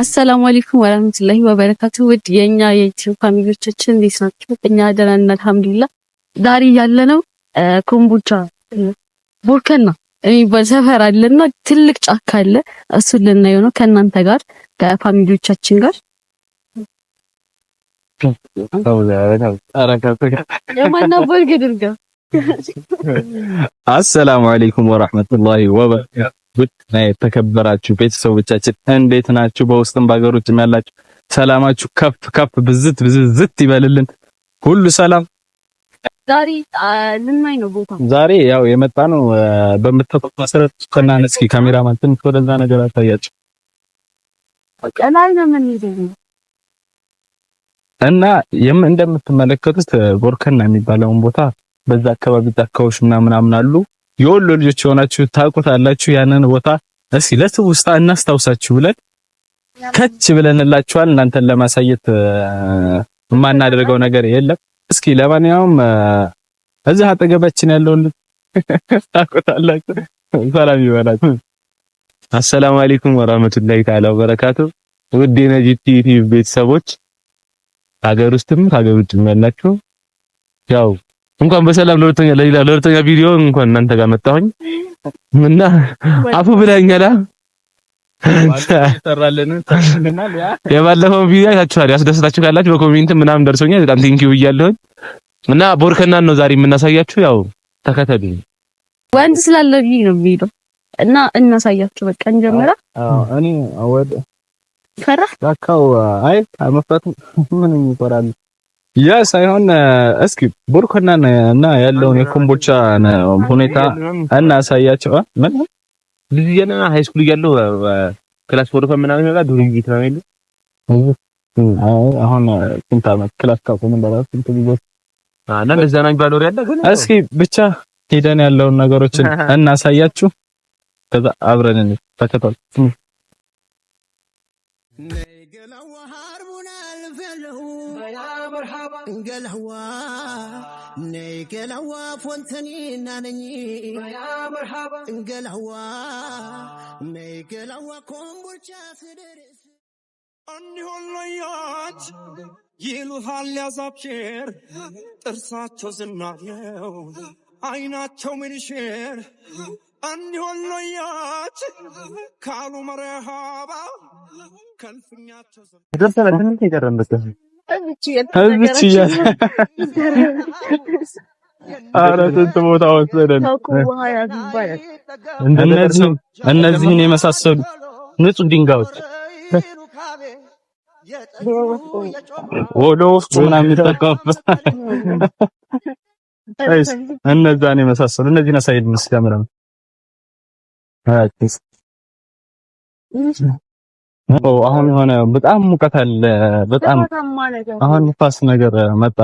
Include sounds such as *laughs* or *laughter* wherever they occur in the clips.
አሰላሙ አለይኩም ወራህመቱላሂ ወበረካቱ። ውድ የኛ የዩቲዩብ ፋሚሊዎቻችን እንዴት ናችሁ? እኛ ደህና ነን አልሐምዱሊላህ። ዛሬ ያለነው ኮምቦልቻ ቦርከና የሚባል ሰፈር አለና ትልቅ ጫካ አለ። እሱን ልናየው ነው ከእናንተ ጋር ከፋሚሊዎቻችን ጋር። አሰላሙ አለይኩም ወራህመቱላሂ ወበረካቱ። የተከበራችሁ ቤተሰቦቻችን እንዴት ናችሁ? በውስጥም በሀገሮችም ያላችሁ ሰላማችሁ ከፍ ከፍ ብዝት ብዝዝት ይበልልን። ሁሉ ሰላም ዛሬ ያው የመጣ ነው በምታውቁት መሰረት ከና እስኪ ካሜራማን ትንሽ ወደዛ ነገር አታያጭ እና የም እንደምትመለከቱት ቦርከና የሚባለውን ቦታ በዛ አካባቢ ጫካዎች ምናምን አሉ። የወሎ ልጆች የሆናችሁ ታውቁታላችሁ። ያንን ቦታ እስኪ ለትውስታ እናስታውሳችሁ ብለን ከች ብለንላችኋል። እናንተን ለማሳየት የማናደርገው ነገር የለም። እስኪ ለማንኛውም እዚህ አጠገባችን ያለውን *laughs* ታቆታላችሁ። ሰላም ይበላችሁ። አሰላሙ አለይኩም ወራህመቱላሂ ተዓላ ወበረካቱ። ውድ የነጂት ቲቪ ቤተሰቦች ሀገር ውስጥም ሀገር ውጭም ያላችሁ ያው እንኳን በሰላም ለሁለተኛ ለሁለተኛ ቪዲዮ እንኳን እናንተ ጋር መጣሁኝ እና አፉ ብለኛላ የባለፈው ቪዲዮ አይታችኋል። ያስደስታችሁ ካላችሁ በኮሜንት ምናምን ደርሶኛል። በጣም ቴንኪዩ ብያለሁኝ እና ቦርከናን ነው ዛሬ የምናሳያችሁ። ያው ተከተሉ። ወንድ ስላለ ነው የሚሄደው እና እናሳያችሁ። በቃ እንጀምራ። እኔ ወደ ፈራ ዳካው አይ አመፈት ምን ይቆራል ያ ሳይሆን እስኪ ቦርከናን እና ያለውን የኮምቦቻ ሁኔታ እናሳያቸው ምን ልጅ እያለና ሃይ ስኩል እያለሁ ክላስ ፎር ፈምና ነው ያለው። አሁን ስንት ክላስ ስንት ነው ግን እስኪ ብቻ ሄደን ያለውን ነገሮችን እናሳያችሁ። ከዛ አብረን እንፈተታለን። قلهوا ني قلهوا فونتني نانني يا مرحبا قلهوا ني قلهوا كومبورشا سدر أني هليات ይሉሃል ያዛብሼር ጥርሳቸው ዝናየው አይናቸው ምንሼር አንዲሆን ሎያች ካሉ መረሃባ የተወሰነ ትንሽ የቀረን በቃ አረተት ቦታ ወሰደን። እነዚህን የመሳሰሉ ንጹህ ድንጋዮች ወደ ወፍጮ ምናምን የሚጠቀሙበት እነዛን የመሳሰሉ እነዚህን አሳይድ ምስል አይስ አሁን የሆነ በጣም ሙቀት አለ። በጣም አሁን ንፋስ ነገር መጣ።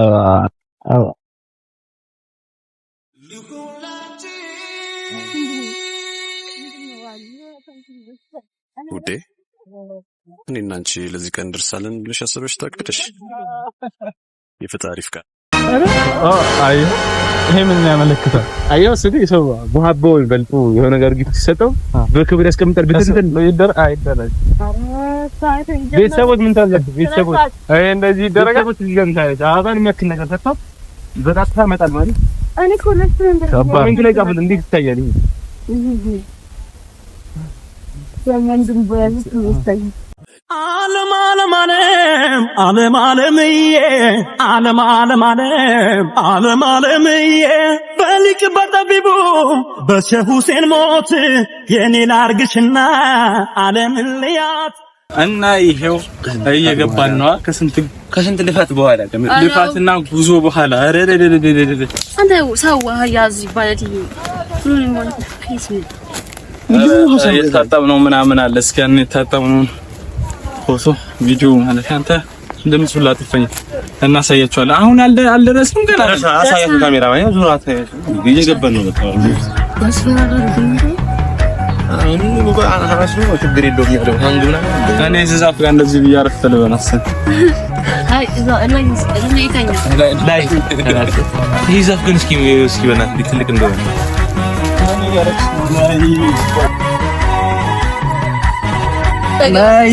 ውዴ እኔና አንቺ ለዚህ ቀን ደርሳለን ብለሽ አስበሽ ታቅደሽ የፈጣሪ ፍቃድ አይ ይሄ ምን ያመለክታል? አየው ስለ ሰው ሙሐባው በልጡ የሆነ ነገር ግፍ ሲሰጠው በክብር ያስቀምጣል። ቤተሰቦች ምን ታላችሁ? ቤተሰቦች አይ እንደዚህ ይደረጋ ቤተሰቦች ይገን ታያችሁ። የሚያክል ነገር ሰጥተው በጣጣ መጣል ማለት እኔ ኮለስ ዓለም ዓለም ዓለም ዓለም ዓለምዬ ዓለም ዓለም ዓለም ዓለም ዓለምዬ በሊቅ በጠቢቡ በሸህ ሁሴን ሞት የኔ ላርግሽና ዓለምን ልያት እና ይሄው እየገባን ነዋ። ከስንት ከስንት ልፋት በኋላ ልፋትና ጉዞ በኋላ አረ አረ አረ አረ አረ አንተ ሰው ያዝ ይባላል ምንም ነው ምናምን አለ እስከ እንታጠብ ነው ፎቶ ቪዲዮ ማለት አንተ እንደምጽላ አጥፈኝ እናሳያቸዋለን። አሁን አለ አልደረስንም ገና አሳያችሁ ካሜራ ወይ ዙራት እየገባን ነው። በቃ አሁን ነው። እኔ እዚህ ዛፍ ጋር እንደዚህ ብዬ አረፍ ተለበን ላይ ይህ ዛፍ ግን እስኪ እስኪ ትልቅ እንደሆነ ላይ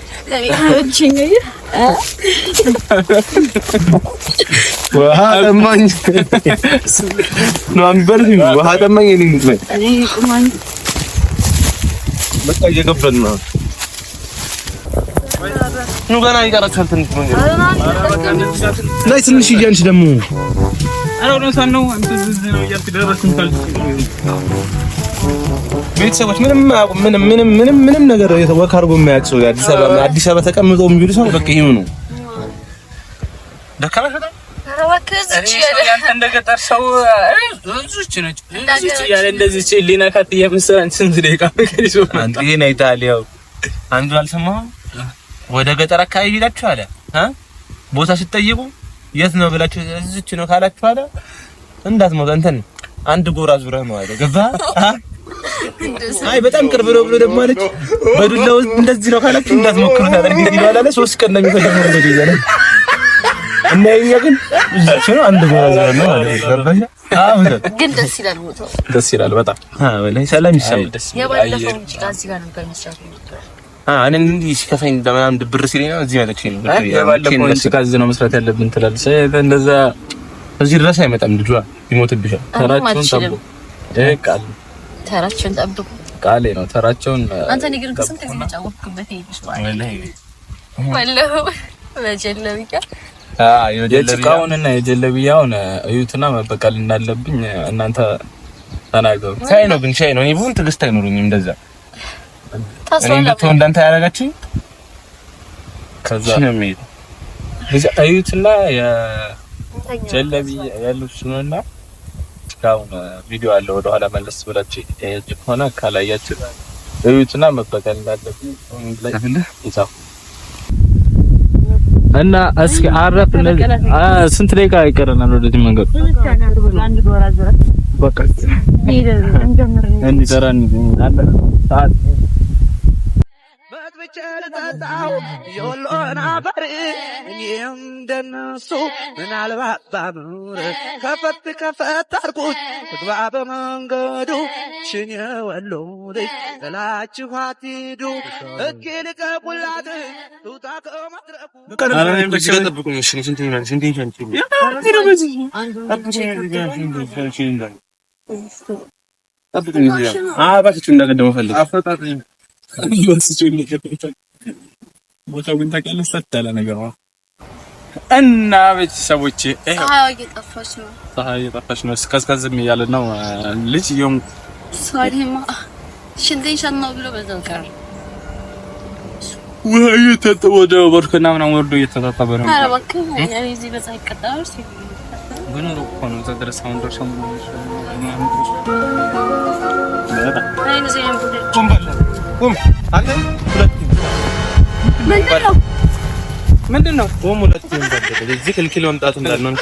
ውሃ ጠማኝ። በቃ እየገባን ነው። ገና ይቀራችኋል ትንሽ ላይ ትንሽ እያንች ደግሞ ነው ቤተሰቦች ምንም ምንም ምንም ምንም ምንም ነገር ወክ አድርጎ የማያውቅ ሰው አዲስ አበባ አዲስ አበባ ተቀምጦ የሚውል ሰው በቃ ይሄ ነው። አንዱ አልሰማሁም። ወደ ገጠር አካባቢ ሄዳችሁ አለ ቦታ የት ነው ብላችሁ እዚች ነው ካላችሁ አለ እንዳትሞት እንትን አንድ ጎራ ዙረህ ነው ገባህ አይ በጣም ቅርብ ነው ብሎ ደግሞ አለች። በዱላው እንደዚህ ነው ካላችሁ እንዳትሞክሩት አለ። እንግዲህ ባላለ ሶስት ቀን ነው የሚፈጀው ነው እንደዚህ ያለ እና የእኛ ግን ነው አንድ ጎራዝ ነው አለ ነው። ግን ደስ ይላል፣ ቦታው ደስ ይላል በጣም አዎ። ሰላም ይሰማል። ደስ ይላል። እዚህ ጋር ነበር መስራት እኔ እንዲህ ሲከፋኝ ለምናምን ድብር ሲለኝ ነው እዚህ መጥቼ ነው መስራት ያለብን ትላለች። እንደዛ እዚህ ድረስ አይመጣም ልጇ ይሞትብሻል። ተራችሁን ጠብቁ። ተራቸውን ጠብቁ። ቃሌ ነው ተራቸውን። አንተ እኔ ግን ስንት ጊዜ ይሄ ተጫወትኩበት እና የጀለብያውን እዩትና መበቀል እንዳለብኝ እናንተ ተናገሩ። ሻይ ነው ግን ሻይ ነው። እኔ ብዙም ትዕግስት አይኖረኝም። እንደዛ እኔ እንድትሆን እንዳንተ ያደረጋችኝ ከዛ እዩትና የጀለብያ ያሉት ዳውን ቪዲዮ አለ፣ ወደኋላ መለስ ብላችሁ የተያያችሁ ከሆነ ካላያችሁ እዩትና መበቀል እንዳለብኝ እና እስኪ አረፍ። ስንት ደቂቃ ይቀረናል ወደዚህ መንገድ? በቃ እንጀምር እንዲጠራን ሰዓት ቸር ጠጣው የወሎን አፈር እኔም እንደነሱ ምናልባት ባምር ከፈት ከፈት አልኩት ትግባ በመንገዱ ሽን የወሎ ልጅ ጥላችሁ አትሂዱ ሕግ ልቀቁላት ትውጣ ከመድረኩ ጠብቁኝ። ቦታው ግን ታውቂያለሽ፣ ሰት ያለ ነገር እና ቤተሰቦቼ ፀሐይ እየጠፋች ነው። ፀሐይ እየጠፋች እያለ ነው ልጅ የሆን ሶሪማ ወደ ወርከና ምናምን ወርዶ እየተታጠበ ነው። ግን እኮ ነው። እዛ ድረስ አሁን ደርሰው ነው ቁም። አንተ ሁለት ምንድነው? ምንድነው? ቁም። ሁለት እዚህ ክልክል መምጣት እንዳልሆነ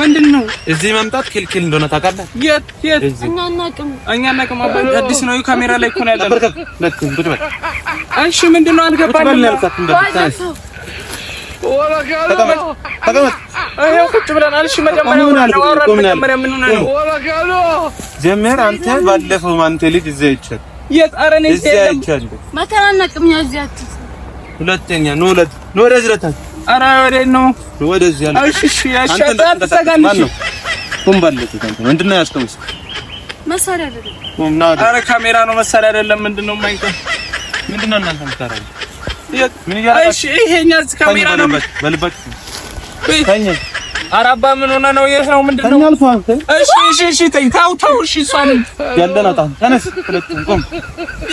ምንድነው? እዚህ መምጣት ክልክል እንደሆነ ታውቃለህ? የት የት? እኛ አናውቅም፣ እኛ አናውቅም። አዲስ ነው፣ ካሜራ ላይ እኮ ነው ያለው። እሺ፣ ምንድነው? አልገባንም። ቁጭ ብለናል። መጀመሪያ ምን ጀመር አንተ ባለፈው ማንተ ልጅ እዚህ አይቻልም የጣረኔ ሰለም መከራና ቅምኛ እዚህ ሁለተኛ ነው ለት ነው ወደዚህ ለታ አራ ነው ወደዚህ ያለ እሺ እሺ ያሻጣት ተጋንሽ ኮምባለት ታንተ ምንድን ነው ያስቀምስ መሳሪያ አይደለም አረ ካሜራ ነው መሳሪያ አይደለም ምንድን ነው ማይቀር ምንድን ነው እናንተ ምታረጉ እሺ ይሄኛ ካሜራ ነው በልበት በይ አራባ ምን ሆነ ነው? የት ነው? ምንድን ነው? እሺ እሺ እሺ፣ ተይ፣ ተው ተው፣ እሺ እሷን ያለናታን ተነስ፣ ሁለቱም ቁም።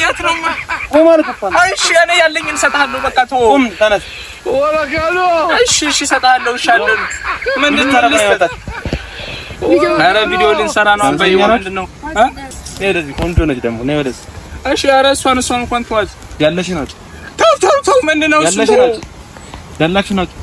የት ነው? እሺ እኔ ያለኝን እሰጥሃለሁ፣ በቃ ተው፣ ቁም፣ ተነስ። እሺ እሺ፣ እሰጥሃለሁ። እሺ አለን። ምንድን ነው የምልህ? ኧረ ቪዲዮ ልንሰራ ነው። አባዬ ምንድን ነው? ቆንጆ ነች ደግሞ። እሺ፣ ኧረ እሷን እሷን እንኳን ተዋት። ያለሽ ናቸው። ተው ተው ተው፣ ምንድን ነው እሱ? ያላችሁ ናቸው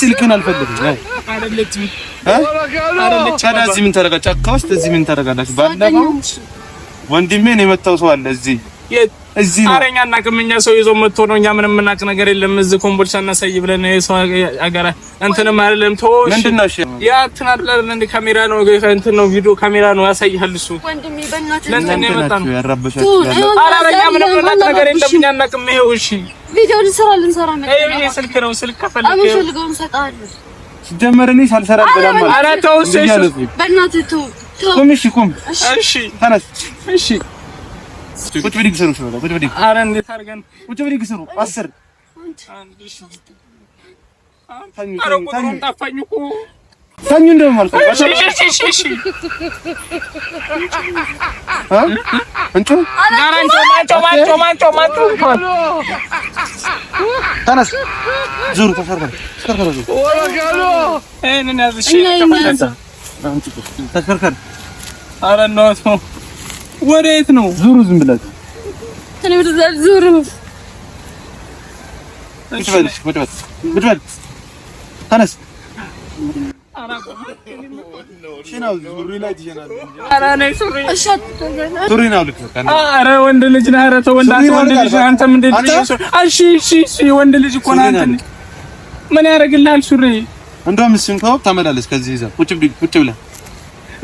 ስልክን አልፈልግም። ታዲያ እዚህ ምን ተረጋ? ጫካ ውስጥ እዚህ ምን ተረጋላችሁ? ባለፈው ነው የመታው ሰው አለ እዚህ እዚህ ነው። አረኛ እና ቅምኛ ሰው ይዞ መጥቶ ነው። እኛ ምንም የምናውቅ ነገር የለም። እዚህ ኮምቦልቻ እና ብለን የሰው አገራ እንትንም አይደለም። ተወሽ ምንድነው? እሺ ያ እንትን አይደለም እንደ ካሜራ ነው፣ እንትን ነው፣ ቪዲዮ ካሜራ ነው ያሳይሃል። እሱ ወንድሜ በእናትህ ለእንትን አረኛ ምንም የምናውቅ ነገር የለም። እኛ እናቅም። ይሄው እሺ፣ ቪዲዮ ልንሰራ ልንሰራ ነው። ይሄ ስልክ ነው። ስልክ ከፈለክ አምፈልገውን ሰጣለሁ። ሲጀመር እኔ ሳልሰራ በላም ማለት አራተው ሰይ በእናትህ ቁም። እሺ ቁም። እሺ ተነስ። እሺ ቁጭ ብድግ ስሩ። ቁጭ ብድግ። ኧረ እንዴት አድርገን ቁጭ ብድግ ስሩ። አስር ተኙ እንደውም አልኩ። እንጩ ተነስ፣ ዙሩ፣ ተሽከርከር፣ ተሽከርከር፣ ተሽከርከር ወደ የት ነው? ዙሩ፣ ዝም ብላችሁ ዙሩ። ተነስ። ኧረ ወንድ ልጅ ነህ። ኧረ ተው ወንድ ልጅ አንተ አንተም እንደ እሺ፣ እሺ፣ እሺ፣ ወንድ ልጅ እኮ ነህ አንተ። ምን ያደርግልሃል ሱሪ? እንደውም እሱን ተው፣ ተመላለስ ከዚህ ይዘህ ቁጭ ብለህ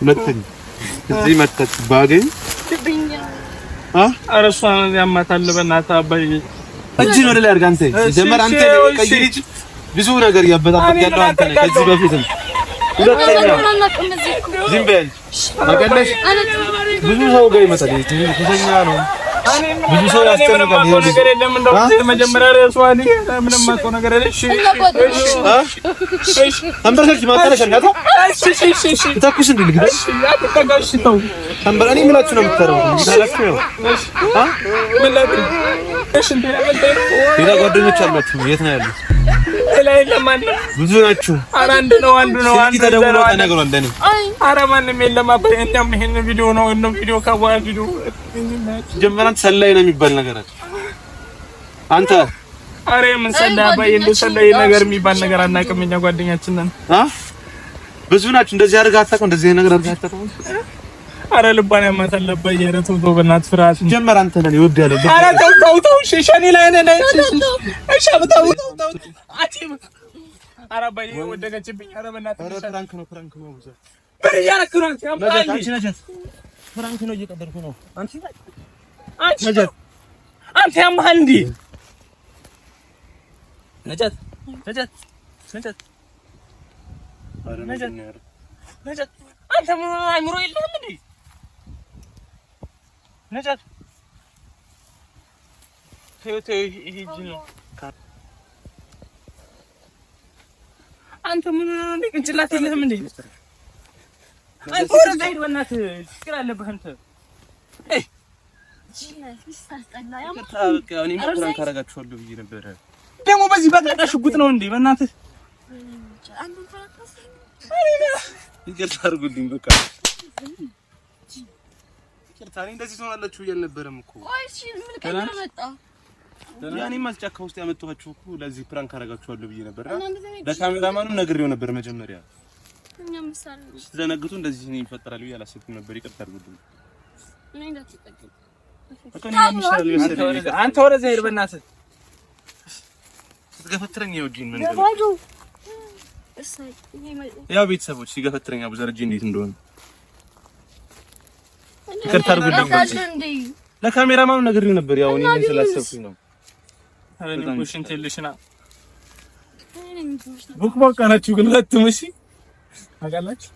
ሁለተኛ እዚህ መተት ባገኝ ኧረ ያማታል። በእናትህ አባዬ እጅን ወደ ላይ አድርግ። አንተ ጀመር አንተ ቀይር እጅ ብዙ ነገር እያበጣበጥ ያለው አንተ ነህ። ከዚህ በፊትም ዝም በል መቀለሽ ብዙ ሰው ጋር ይመጣል። ነው ብዙ ሰው ያስጨንቃል። ነገር የለም እንደው መጀመሪያ ራሱ አለ ምንም ማውቀው ነገር የለም። እሺ እሺ እሺ ብዙ ናችሁ። ኧረ አንድ ነው፣ አንድ ነው። አንድ ተደውሎ ተነግሯል። ለኔ ማንም የለም። እኛም ይሄን ቪዲዮ ነው ቪዲዮ ጀመራን ሰላይ ነው የሚባል ነገር አለ። አንተ አሬ ምን ሰላይ አባዬ፣ እንደ ሰላይ ነገር የሚባል ነገር አናውቅም። እኛ ጓደኛችን ነን። ብዙ ናችሁ። እንደዚህ አድርገህ አታውቅም። እንደዚህ ነገር አድርገህ አታውቅም። አረ ልባን ያማታል። አባዬ ዶብናት ፍራሽ ተው፣ ጀመር። አንተ ነን ይወድ ያለው። አረ ተው ተው ተው። እሺ ሸኔ ላይ ነህ። እሺ ተው ተው ተው። አቲም አረ አባዬ ወደቀችብኝ። አረ በእናትህ ፍራንክ ነው ፕራንክ ነው። ምን እያደረክ ነው? ፍራንክ ነው እየቀደድኩ ነው። አንቺ አንቺ አንተ ያማህ እንዴ? ነጃት ነጃት ነጃት ነጃት አንተ ምን አይምሮ የለህም እንዴ? ነጃት ተይው ተይው፣ ሂጂ ነው አንተ ምን ቅንጭላት የለህም እንዴ? አንተ ወደዛ ሂድ በእናትህ ችግር ደግሞ በዚህ በቃ ሽጉጥ ነው እንዴ በእናትህ ይቅርታ አድርጉልኝ በቃ ይቅርታ እኔ እንደዚህ ትሆናላችሁ እያልነበረም እኮ ያኔ ማስጫካ ውስጥ ያመጣኋችሁ እኮ ለዚህ ፕራንክ አደርጋችኋለሁ ብዬ ነበር ለካሜራማንም ነግሬው ነበር መጀመሪያ ስትዘነግቱ እንደዚህ ነው ይፈጠራል ብዬ አላሰብኩም ነበር። ይቅርታ አድርጉልኝ። አንተ ወደዛ ሄድ በእናትህ ስትገፈትረኝ ያው ቤተሰቦች ሲገፈትረኝ አቡ ረጅ እንዴት እንደሆነ ይቅርታ አድርጉልኝ። ለካሜራማም ነግሬው ነበር። ያው እኔ ስላሰብኩኝ ነው። ቡክ ቧቃ ግን ሁለቱም። እሺ ታውቃላችሁ።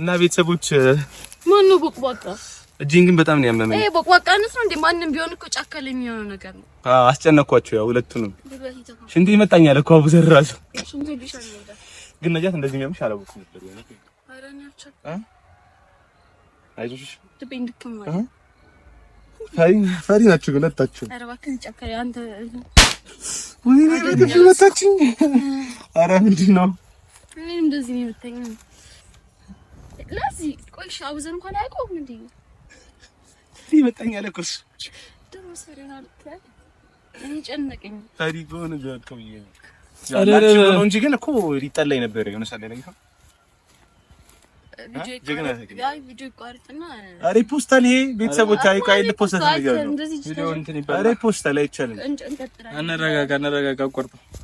እና ቤተሰቦች ማነው ቦቅቧቃ? እጄን ግን በጣም ነው ያመመኝ። ይሄ ቦቅቧቃነት ነው እንዴ? ማንም ቢሆን እኮ ጫካ ላይ የሚሆነው ነገር ነው። አዎ አስጨነኳቸው። ያው ሁለቱንም ሽንቴ ይመጣኛል እኮ አቡ ዘራሱ ግን ነጃት እንደዚህ የሚያምሽ አላወኩም ነበር። ፈሪ ናችሁ ግን ሁለታችሁ። ኧረ ምንድን ነው እኔም እንደዚህ ነው የምተኛ። ለዚህ ቆይሽ አውዘን እንኳን አያውቀውም እንዴ? ይመጣኛል እኮ እሱ ደግሞ ሰሪና ልትላል። እኔ ጨነቀኝ ታዲያ በሆነ ቢወድቀው ነው እንጂ ግን እኮ ሊጠላኝ ነበር የሆነ ሰዓት ላይ ነገርኩህ። ሪፖስታል ይሄ ቤተሰቦች አይቃይል ፖስታል ይያሉ ሪፖስታል አይቻልም። አነረጋጋ አነረጋጋ ቆርጠው